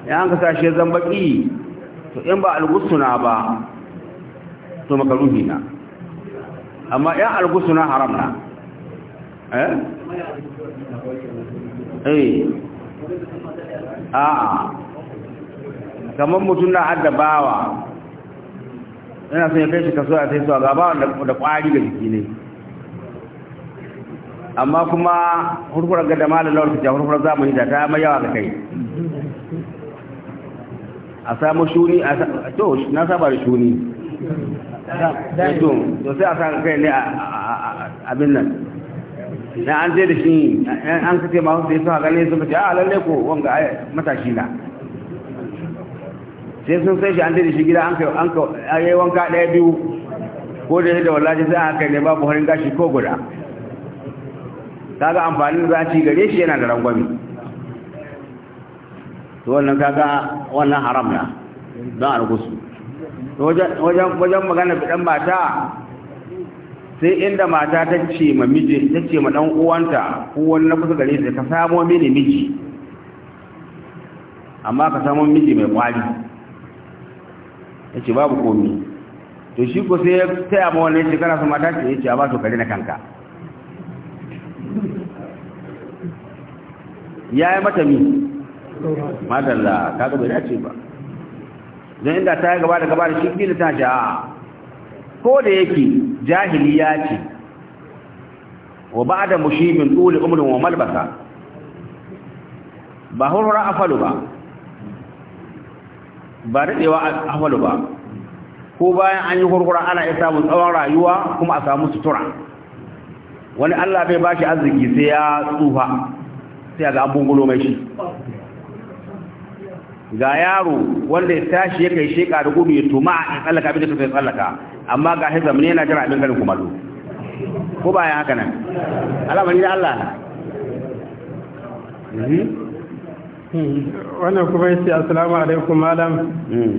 ya an kasa shi zan baki to in ba algusuna ba to makaruhi na amma ya algusuna haram na eh eh a'a kamar mutum na adda bawa yana sai kai shi kaso a sai su a gaba da kwari ga jiki ne amma kuma hurfurar ga da malar lawar fita hurfurar zamani da ta mai yawa ga kai a samu shuni a to na saba da shuni to sai a saka kai ne a abin nan na an zai da shi an kace ma wasu sai suka ne suka ce a ah, lalle ko wanga matashi na sai sun sai shi an zai da shi gida an kai an kai wanka daya biyu ko da da wallahi sai aka ne babu harin gashi ko guda kaga amfanin da ci gare shi yana da rangwami to wannan kaga wannan haram na don algusu wajen wajen magana bidan mata sai inda mata ta ce ma miji ta ce ma dan uwanta ko wani na kusa gare shi ka samo mini miji amma ka samo miji mai kwali yace babu komi to shi ko sai ya taya ma wannan shekara su mata ce yace a ba su kare na kanka ya yi mata mi madalla ga bai dace ba don inda ta yi gaba da gaba da shi kila ta ce ko da yake jahiliya ce wa ba da mushibin tsoli umarin wa malbasa ba hurhura afalu ba ba daɗewa afalu ba ko bayan an yi hurhura ana iya samun tsawon rayuwa kuma a samu sutura wani allah bai ba shi arziki sai ya tsufa sai ga an mai shi ga yaro wanda ya tashi ya kai sheka da gumi ya tuma in tsallaka abin da ta tsallaka amma ga shi zamani yana jira abin kuma zo ko ba ya haka nan alamani da Allah mhm. wannan kuma yace assalamu alaikum malam hmm.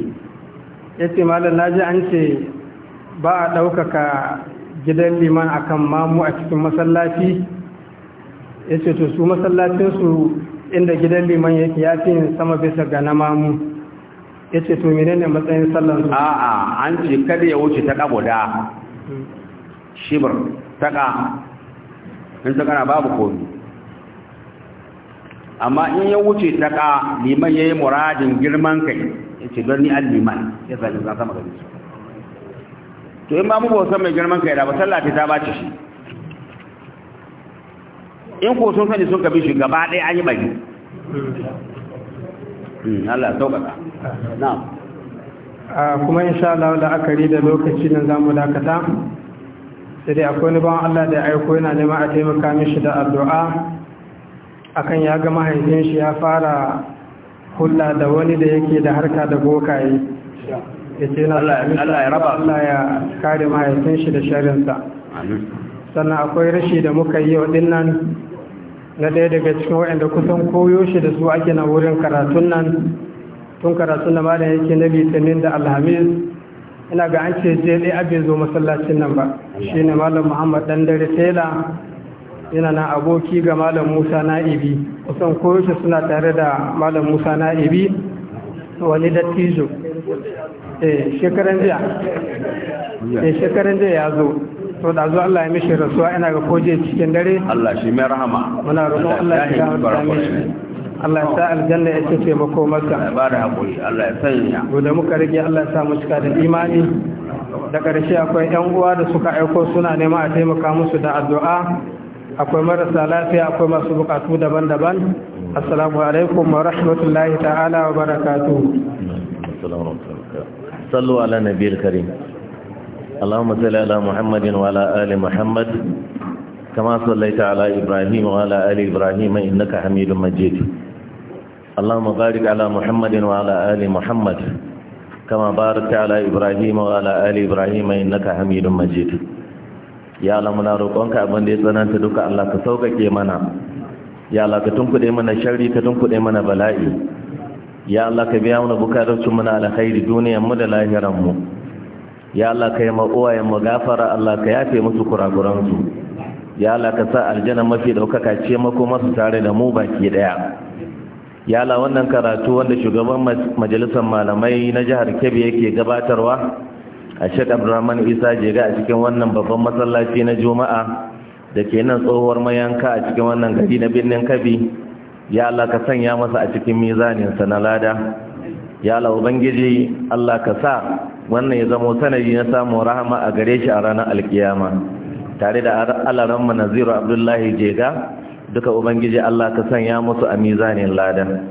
yace malam naji an ce ba a ɗaukaka gidan liman akan mamu a cikin masallaci ya ce to su masallacinsu inda gidan liman yake ya fi sama bisa ga namamu ya ce to mene ne matsayin sallansu a'a an ce kada ya wuce ta guda shibir taƙa in ta kana babu komi amma in ya wuce taƙa liman ya yi muradin girman kai ya ce don ni an liman ya zai zama sama gari to in ba mu ba wasan mai girman kai da ba sallata ta bace shi in ko sun sani sun ka shi gaba ɗaya an yi bari hmm, Allah na'am kuma insha Allah la'akari da lokaci nan zamu dakata sai dai akwai ban Allah da aiko yana neman a taimaka mishi da addu'a akan ya ga mahaifin shi ya fara hulla da wani da yake da harka da bokaye ya Allah ya raba Allah kare mahaifin shi da sharinsa sannan akwai rashi da muka yi wa dinnan na ɗaya daga cikin waɗanda kusan koyo shi da su ake na wurin karatun nan tun karatun da malam yake na litinin da alhamis ina ga an ce je ɗaya abin zo masallacin nan ba shi ne malam muhammad ɗan dare tela yana na aboki ga malam musa na'ibi kusan koyo shi suna tare da malam musa na'ibi wani dattijo eh shekaran jiya eh shekaran jiya ya zo to da zuwa Allah ya mishi rasuwa ina ga koje cikin dare Allah shi mai rahama muna roƙon Allah ya ga mishi Allah ya sa aljanna ya ce taimako maka bada hakuri Allah ya sanya gobe muka rage Allah ya sa mu cika da imani da ƙarshe akwai ƴan uwa da suka aiko suna nema a taimaka musu da addu'a akwai marasa lafiya akwai masu bukatu daban-daban assalamu alaikum wa rahmatullahi ta'ala wa barakatuh sallu ala nabiyil karim اللهم صل على محمد وعلى آل محمد كما صليت على إبراهيم وعلى آل إبراهيم إنك حميد مجيد اللهم بارك على محمد وعلى آل محمد كما باركت على إبراهيم وعلى آل إبراهيم إنك حميد مجيد يا الله منا روقونك أبن دي سنان تدوك الله كسوك كيمانا يا الله كتنكد إمنا شري كتنكد إمنا بلائي يا الله كبيامنا بكارة منا على خير دنيا مدى لاهرمو ya Allah ka yi gafara Allah ka yafe musu kurakuransu ya Allah ka sa aljanna mafi daukaka ce mako masu tare da mu baki daya ya Allah wannan karatu wanda shugaban majalisar malamai na jihar Kebbi yake gabatarwa a shek Abdulrahman Isa Jega a cikin wannan babban masallaci na Juma'a da ke nan tsohuwar mayanka a cikin wannan gari na birnin Kabi? ya Allah ka sanya masa a cikin mizaninsa na lada ya Allah ubangiji Allah ka sa wannan ya zama sanadi na samun rahama a gare shi a ranar alkiyama tare da alaran Naziru abdullahi jega duka ubangiji Allah ka sanya musu a mizanin ladan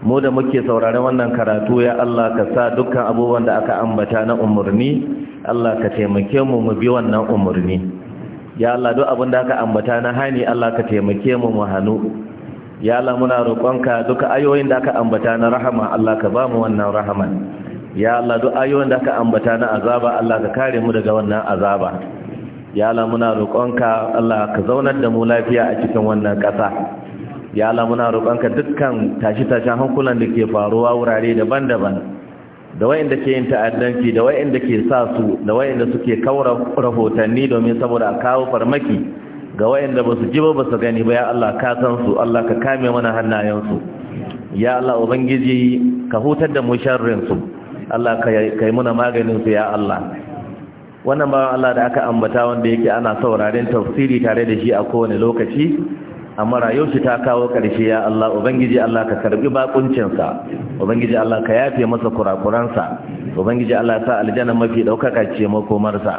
mu da muke saurare wannan karatu ya Allah ka sa dukkan abubuwan da aka ambata na umarni Allah ka taimake mu mu bi wannan umarni ya Allah duk abin da aka ambata na hani Allah ka taimake mu mu hanu ya Allah muna roƙonka duka ayoyin da aka ambata na rahama Allah ka ba mu wannan rahaman ya Allah duk ayoyin da aka ambata na azaba Allah ka kare mu daga wannan azaba ya Allah muna roƙonka Allah ka zaunar da mu lafiya a cikin wannan ƙasa ya Allah muna roƙonka dukkan tashi-tashin hankulan da ke faruwa wurare daban-daban da wayanda ke yin ta'addanci da wayanda ke sa su da wayanda suke kaura rahotanni domin saboda a kawo farmaki ga wayanda ba su ji ba ba su gani ba ya Allah ka san su Allah ka kame mana hannayensu ya Allah ubangiji ka hutar da mu sharrin su Allah ka yi muna maganin su ya Allah wannan bawan Allah da aka ambata wanda yake ana sauraren tafsiri tare da shi a kowane lokaci amma rayuwar shi ta kawo ƙarshe ya Allah ubangiji Allah ka karbi bakuncinsa ubangiji Allah ka yafe masa kurakuransa ubangiji Allah sa aljanna mafi daukaka ce makomarsa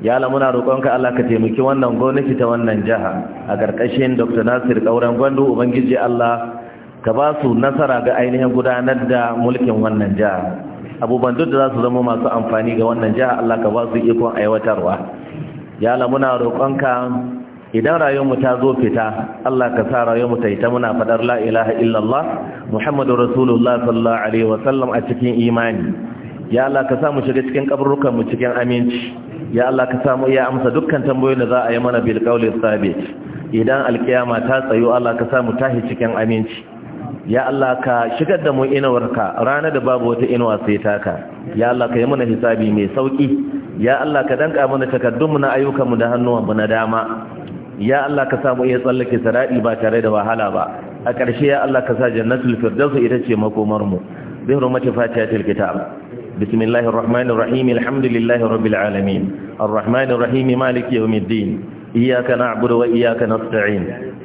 ya Allah muna roƙonka Allah ka taimaki wannan gwamnati ta wannan jaha. a ƙarƙashin Dr. Nasir Kauran Gwandu ubangiji Allah ka ba su nasara ga ainihin gudanar da mulkin wannan jaha. abubuwan duk da za su zama masu amfani ga wannan jiha Allah ka ba su ikon aiwatarwa ya Allah muna roƙonka idan rayuwarmu ta zo fita Allah ka sa rayuwarmu ta yi ta muna faɗar la'ilaha illallah Muhammadu Rasulullah sallallahu alaihi wasallam a cikin imani ya Allah ka sa mu shiga cikin kaburukan mu cikin aminci ya Allah ka sa mu iya amsa dukkan tambayoyin da za a yi mana bil qawli sabit idan alkiyama ta tsayo Allah ka sa mu tahi cikin aminci ya Allah ka shigar da mu inawarka ranar da babu wata inuwa sai taka ya Allah ka yi mana hisabi mai sauki ya Allah ka danka mana mu na mu da hannuwanmu na dama ya Allah ka samu iya tsallake saradi ba tare da wahala ba a ƙarshe ya Allah ka sa jannatul firdaus ita ce makomar mu bi hurmati fatihatil kitab بسم الله الرحمن الرحيم الحمد لله رب العالمين الرحمن الرحيم مالك يوم wa إياك نعبد